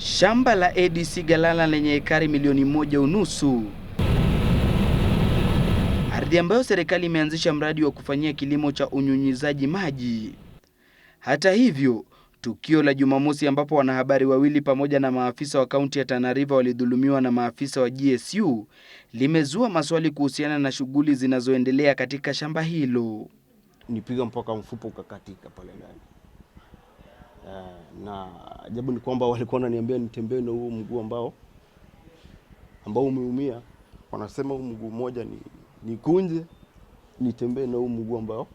Shamba la ADC galala lenye ekari milioni moja unusu, ardhi ambayo serikali imeanzisha mradi wa kufanyia kilimo cha unyunyizaji maji. Hata hivyo, tukio la Jumamosi ambapo wanahabari wawili pamoja na maafisa wa kaunti ya Tana River walidhulumiwa na maafisa wa GSU limezua maswali kuhusiana na shughuli zinazoendelea katika shamba hilo. Nipiga mpaka mfupo ukakatika pale ndani. Eh, na ajabu ni kwamba walikuwa wananiambia nitembee na huo mguu ambao ambao umeumia, wanasema huu mguu mmoja ni nikunje nitembee na huu mguu ambao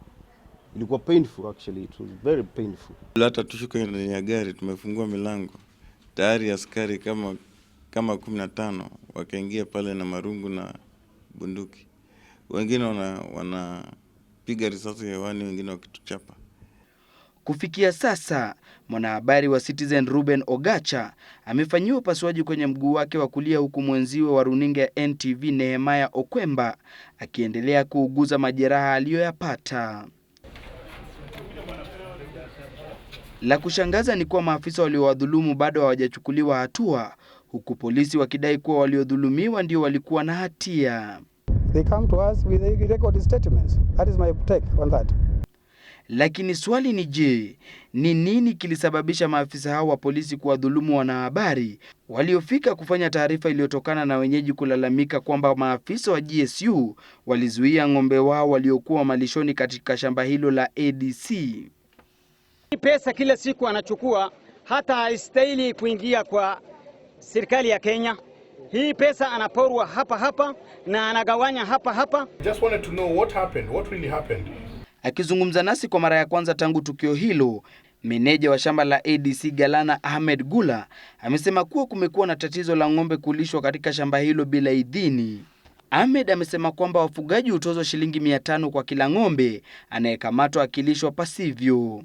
ilikuwa painful actually, it was very painful. Hata tushuke ndani ya gari, tumefungua milango tayari, askari kama kama kumi na tano wakaingia pale na marungu na bunduki, wengine wanapiga wana risasi hewani, wengine wakituchapa Kufikia sasa mwanahabari wa Citizen Ruben Ogacha amefanyiwa upasuaji kwenye mguu wake wa kulia huku mwenziwe wa runinga ya NTV Nehemaya Okwemba akiendelea kuuguza majeraha aliyoyapata. La kushangaza ni kuwa maafisa waliowadhulumu bado hawajachukuliwa hatua huku polisi wakidai kuwa waliodhulumiwa ndio walikuwa na hatia. They come to us with lakini swali ni je, ni nini kilisababisha maafisa hao wa polisi kuwadhulumu wanahabari waliofika kufanya taarifa iliyotokana na wenyeji kulalamika kwamba maafisa wa GSU walizuia ng'ombe wao waliokuwa malishoni katika shamba hilo la ADC. Pesa kila siku anachukua hata haistahili kuingia kwa serikali ya Kenya. Hii pesa anaporwa hapa hapa na anagawanya hapa hapa. Just wanted to know what happened, what really happened. Akizungumza nasi kwa mara ya kwanza tangu tukio hilo, meneja wa shamba la ADC Galana Ahmed Gula amesema kuwa kumekuwa na tatizo la ng'ombe kulishwa katika shamba hilo bila idhini. Ahmed amesema kwamba wafugaji hutozwa shilingi mia tano kwa kila ng'ombe anayekamatwa akilishwa pasivyo.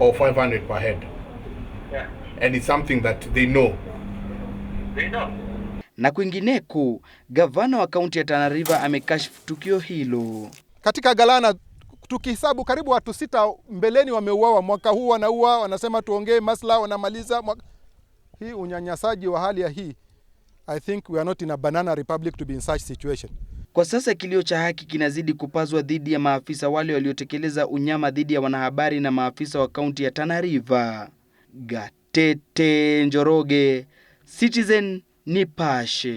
Or oh, na kwingineko, gavana wa kaunti ya Tana River amekashifu tukio hilo. Katika Galana tukihesabu karibu watu sita mbeleni wameuawa, mwaka huu wanaua, wanasema tuongee masla, wanamaliza mwaka... hii unyanyasaji wa hali ya hii, I think we are not in a banana republic to be in such situation. Kwa sasa kilio cha haki kinazidi kupazwa dhidi ya maafisa wale waliotekeleza unyama dhidi ya wanahabari na maafisa wa kaunti ya Tana River. Gatete Njoroge, Citizen Nipashe.